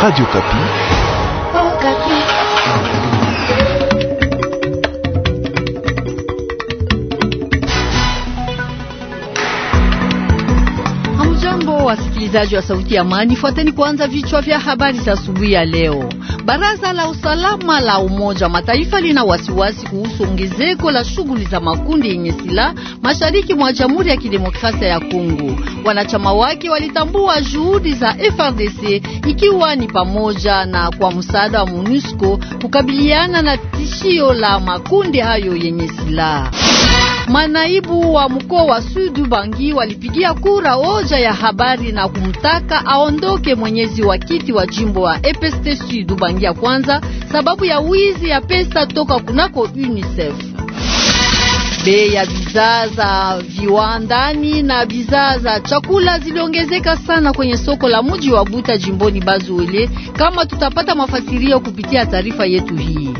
Radio Kapi. Oh, Kapi. Hamjambo wasikilizaji wa sauti ya amani, fuateni kwanza vichwa vya habari za asubuhi ya leo. Baraza la usalama la Umoja wa Mataifa lina wasiwasi kuhusu ongezeko la shughuli za makundi yenye silaha mashariki mwa Jamhuri ya Kidemokrasia ya Kongo. Wanachama wake walitambua juhudi za FRDC ikiwa ni pamoja na kwa msaada wa MONUSCO kukabiliana na tishio la makundi hayo yenye silaha. Manaibu wa mkoa wa Sud Bangi walipigia kura hoja ya habari na kumtaka aondoke mwenyezi wa kiti wa jimbo wa EPST Sudu Bangi ya kwanza sababu ya wizi ya pesa toka kunako UNICEF. Bei ya bidhaa za viwandani na bidhaa za chakula ziliongezeka sana kwenye soko la mji wa Buta jimboni bazuwele kama tutapata mafasirio kupitia taarifa yetu hii.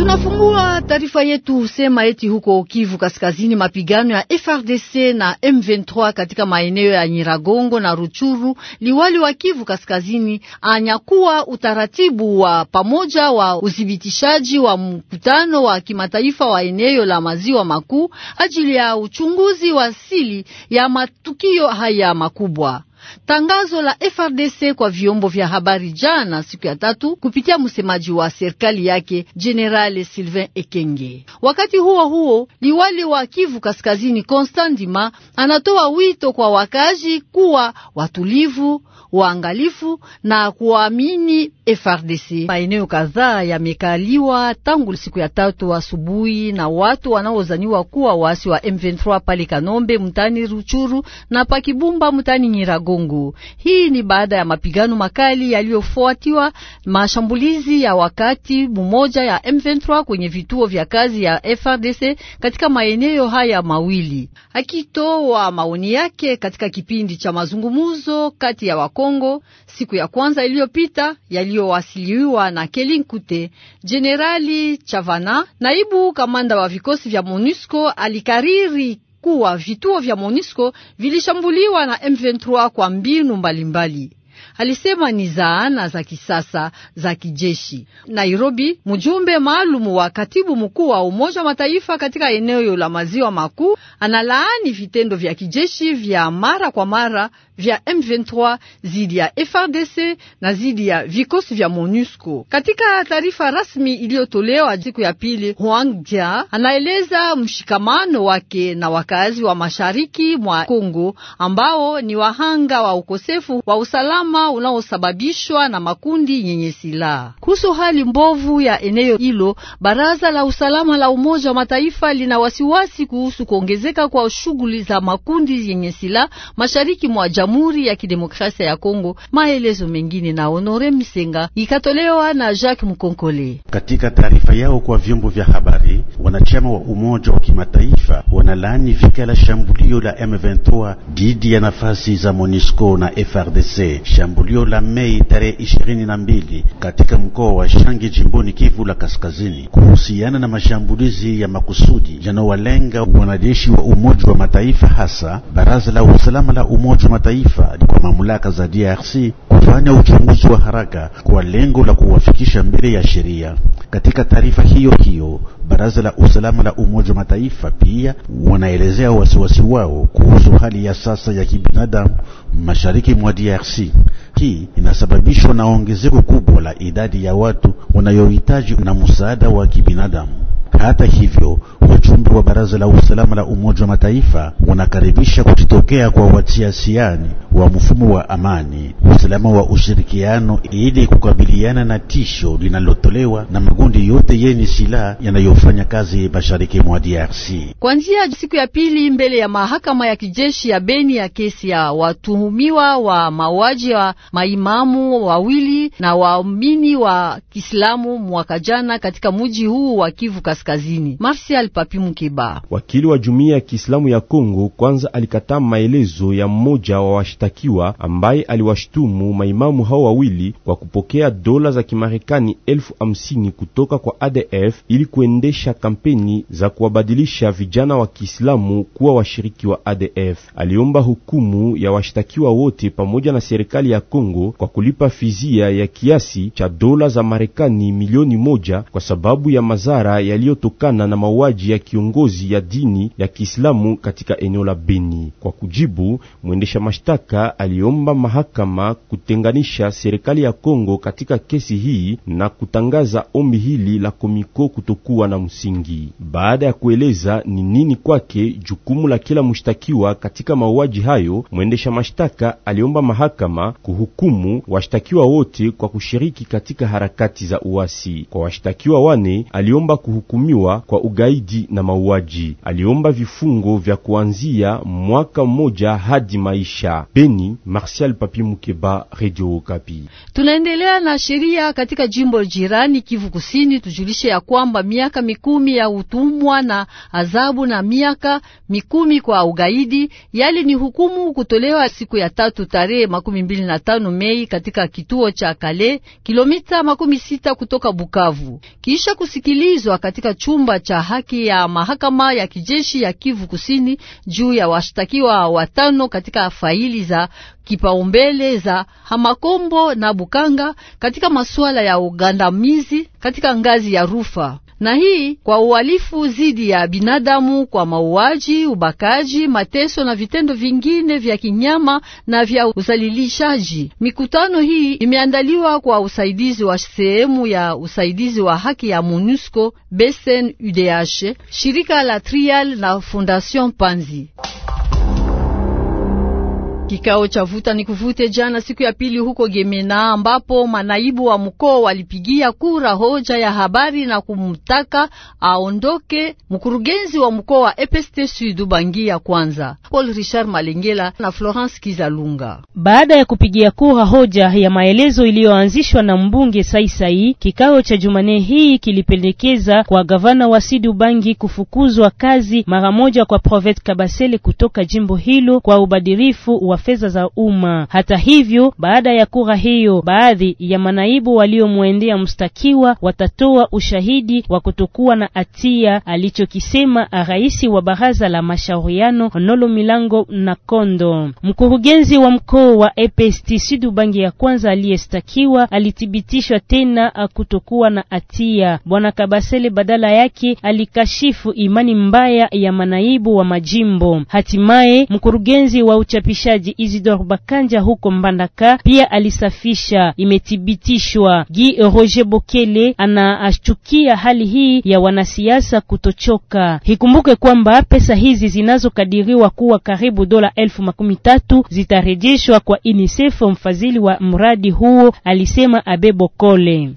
Tunafungua taarifa yetu sema eti huko Kivu Kaskazini, mapigano ya FRDC na M23 katika maeneo ya Nyiragongo na Ruchuru. Liwali wa Kivu Kaskazini anyakuwa utaratibu wa pamoja wa uthibitishaji wa mkutano wa kimataifa wa eneo la maziwa makuu ajili ya uchunguzi wa asili ya matukio haya makubwa. Tangazo la FRDC kwa vyombo vya habari jana siku ya tatu kupitia msemaji wa serikali yake General Sylvain Ekenge. Wakati huo huo, liwali wa Kivu Kaskazini Constant Ndima anatoa wito kwa wakazi kuwa watulivu, waangalifu na kuamini FRDC. Maeneo kadhaa yamekaliwa tangu siku ya tatu asubuhi wa na watu wanaozaniwa kuwa waasi wa M23 pale Kanombe mtani Ruchuru na pakibumba mtani Nyiragongo. Ngungu. Hii ni baada ya mapigano makali yaliyofuatiwa mashambulizi ya wakati mmoja ya M23 kwenye vituo vya kazi ya FRDC katika maeneo haya mawili. Akitoa maoni yake katika kipindi cha mazungumzo kati ya Wakongo siku ya kwanza iliyopita yaliyowasiliwa na kelin kute Jenerali Chavana, naibu kamanda wa vikosi vya MONUSCO alikariri kuwa vituo vya MONUSCO vilishambuliwa na M23 kwa mbinu mbalimbali alisema ni zaana za kisasa za kijeshi. Nairobi, mjumbe maalum wa katibu mkuu wa Umoja wa Mataifa katika eneo la maziwa makuu analaani vitendo vya kijeshi vya mara kwa mara vya M23 zidi ya FRDC na zidi ya vikosi vya MONUSCO. Katika taarifa rasmi iliyotolewa siku ya pili, Hwangja anaeleza mshikamano wake na wakazi wa mashariki mwa Kongo ambao ni wahanga wa ukosefu wa usalama usalama unaosababishwa na makundi yenye silaha. Kuhusu hali mbovu ya eneo hilo, baraza la usalama la Umoja wa Mataifa lina wasiwasi kuhusu kuongezeka kwa shughuli za makundi yenye silaha mashariki mwa Jamhuri ya Kidemokrasia ya Kongo. Maelezo mengine na Honore Misenga ikatolewa na Jacques Mkonkole katika taarifa yao kwa vyombo vya habari. Wanachama wa Umoja wa Kimataifa wanalaani vikala shambulio la M23 dhidi ya nafasi za MONUSCO na FRDC. Shambulio la Mei tarehe 22 katika mkoa wa Shangi jimboni Kivu la Kaskazini kuhusiana na mashambulizi ya makusudi yanayowalenga wanajeshi wa Umoja wa Mataifa, hasa Baraza la Usalama la Umoja wa Mataifa kwa mamlaka za DRC kufanya uchunguzi wa haraka kwa lengo la kuwafikisha mbele ya sheria. Katika taarifa hiyo hiyo, Baraza la Usalama la Umoja wa Mataifa pia wanaelezea wasiwasi wao kuhusu hali ya sasa ya kibinadamu mashariki mwa DRC. Hii inasababishwa na ongezeko kubwa la idadi ya watu wanayohitaji na msaada wa kibinadamu. Hata hivyo, wajumbe wa Baraza la Usalama la Umoja wa Mataifa wanakaribisha kujitokea kwa watiasiani wa mfumo wa amani, usalama wa ushirikiano ili kukabiliana na tisho linalotolewa na magundi yote yenye silaha yanayofanya kazi mashariki mwa DRC. Kuanzia siku ya pili mbele ya mahakama ya kijeshi ya Beni ya kesi ya watuhumiwa wa mauaji wa maimamu wawili na waumini wa Kiislamu mwaka jana katika mji huu wa Kivu Kaskazini. Marcial Papi Mukeba, wakili wa jumuiya ya Kiislamu ya Kongo, kwanza alikataa maelezo ya mmoja wa mshtakiwa ambaye aliwashtumu maimamu hao wawili kwa kupokea dola za Kimarekani elfu hamsini kutoka kwa ADF ili kuendesha kampeni za kuwabadilisha vijana wa Kiislamu kuwa washiriki wa ADF. Aliomba hukumu ya washtakiwa wote pamoja na serikali ya Kongo kwa kulipa fizia ya kiasi cha dola za Marekani milioni moja kwa sababu ya mazara yaliyotokana na mauaji ya kiongozi ya dini ya Kiislamu katika eneo la Beni. Kwa kujibu mwendesha mashtaka Kabaka aliomba mahakama kutenganisha serikali ya Kongo katika kesi hii na kutangaza ombi hili la Komiko kutokuwa na msingi. Baada ya kueleza ni nini kwake jukumu la kila mshtakiwa katika mauaji hayo, mwendesha mashtaka aliomba mahakama kuhukumu washtakiwa wote kwa kushiriki katika harakati za uasi. Kwa washtakiwa wane aliomba kuhukumiwa kwa ugaidi na mauaji. Aliomba vifungo vya kuanzia mwaka mmoja hadi maisha. Beni, Martial Papi Mukeba, Radio Okapi. Tunaendelea na sheria katika jimbo jirani Kivu Kusini. Tujulishe ya kwamba miaka mikumi ya utumwa na adhabu na miaka mikumi kwa ugaidi yali ni hukumu kutolewa siku ya tatu tarehe makumi mbili na tano Mei katika kituo cha Kale, kilomita makumi sita kutoka Bukavu, kisha kusikilizwa katika chumba cha haki ya mahakama ya kijeshi ya Kivu Kusini juu ya washtakiwa watano katika faili za kipaumbele za Hamakombo na Bukanga katika masuala ya ugandamizi katika ngazi ya rufa na hii kwa uhalifu dhidi ya binadamu kwa mauaji, ubakaji, mateso na vitendo vingine vya kinyama na vya uzalilishaji. Mikutano hii imeandaliwa kwa usaidizi wa sehemu ya usaidizi wa haki ya MONUSCO, Besen UDH, shirika la Trial na Fondation Panzi. Kikao cha vuta ni kuvute jana siku ya pili huko Gemena, ambapo manaibu wa mkoa walipigia kura hoja ya habari na kumtaka aondoke mkurugenzi wa mkoa wa EPST Sud Bangi ya kwanza, Paul Richard Malengela na Florence Kizalunga. Baada ya kupigia kura hoja ya maelezo iliyoanzishwa na mbunge Saisai, kikao cha Jumane hii kilipendekeza kwa gavana wa Sidu Bangi kufukuzwa kazi mara moja kwa Provet Kabasele kutoka jimbo hilo kwa ubadirifu wa fedha za umma. Hata hivyo, baada ya kura hiyo, baadhi ya manaibu waliomwendea mstakiwa watatoa ushahidi wa kutokuwa na hatia, alichokisema rais wa baraza la mashauriano Nolo Milango na Kondo. Mkurugenzi wa mkoa wa EPST Sidu Bangi ya kwanza aliyestakiwa alithibitishwa tena kutokuwa na hatia. Bwana Kabasele badala yake alikashifu imani mbaya ya manaibu wa majimbo. Hatimaye mkurugenzi wa uchapishaji msemaji Isidor Bakanja huko Mbandaka pia alisafisha. Imethibitishwa Gi Roger Bokele anaashukia hali hii ya wanasiasa kutochoka. Hikumbuke kwamba pesa hizi zinazokadiriwa kuwa karibu dola elfu makumi tatu zitarejeshwa kwa UNICEF, mfadhili wa mradi huo, alisema Abe Bokole.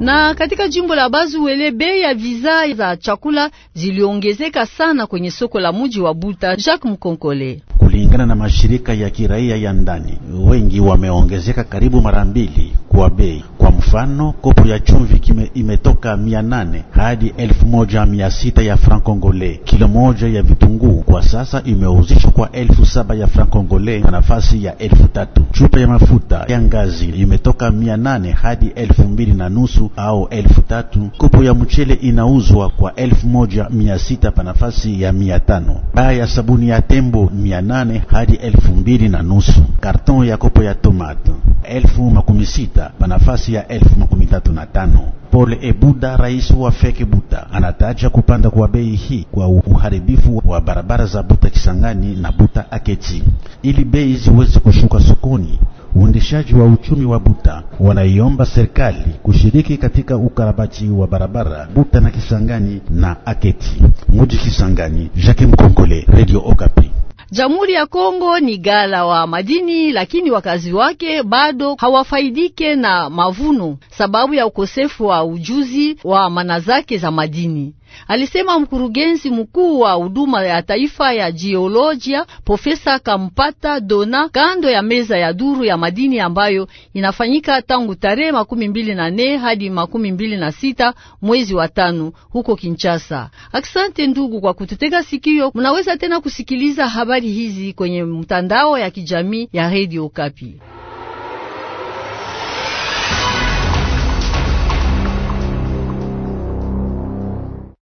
Na katika jimbo la Bazuwele bei ya viza za chakula ziliongezeka sana kwenye soko la muji wa Buta. Jacques Mkonkole kulingana na mashirika ya kiraia ya ndani, wengi wameongezeka karibu mara mbili kwa bei. Kwa mfano, kopo ya chumvi kime, imetoka mia nane hadi elfu moja mia sita ya franc congolais. Kilo moja ya vitunguu kwa sasa imeuzishwa kwa elfu saba ya franc congolais na nafasi ya elfu tatu. Chupa ya mafuta ya ngazi imetoka mia nane hadi elfu mbili na nusu au elfu tatu. Kopo ya mchele inauzwa kwa elfu moja mia sita pa nafasi ya mia tano. Baa ya sabuni ya tembo mia nane hadi elfu mbili na nusu. Karton ya kopo ya tomate elfu makumi sita pa nafasi ya elfu makumi tatu na tano. Paul Ebuda, rais wa Feke Buta, anataja kupanda kwa bei hii kwa uharibifu wa barabara za Buta Kisangani na Buta Aketi. Ili bei ziweze kushuka sokoni, uendeshaji wa uchumi wa Buta wanaiomba serikali kushiriki katika ukarabati wa barabara Buta na Kisangani na Aketi. Muji Kisangani, Jacques Mkongole, Radio Okapi. Jamhuri ya Kongo ni gala wa madini, lakini wakazi wake bado hawafaidike na mavuno sababu ya ukosefu wa ujuzi wa mana zake za madini alisema mkurugenzi mkuu wa huduma ya taifa ya jiolojia Profesa Kampata Dona, kando ya meza ya duru ya madini ambayo inafanyika tangu tarehe makumi mbili na nne hadi makumi mbili na sita mwezi wa tano huko Kinshasa. Aksante ndugu kwa kututega sikio. Mnaweza tena kusikiliza habari hizi kwenye mtandao ya kijamii ya redio Kapi.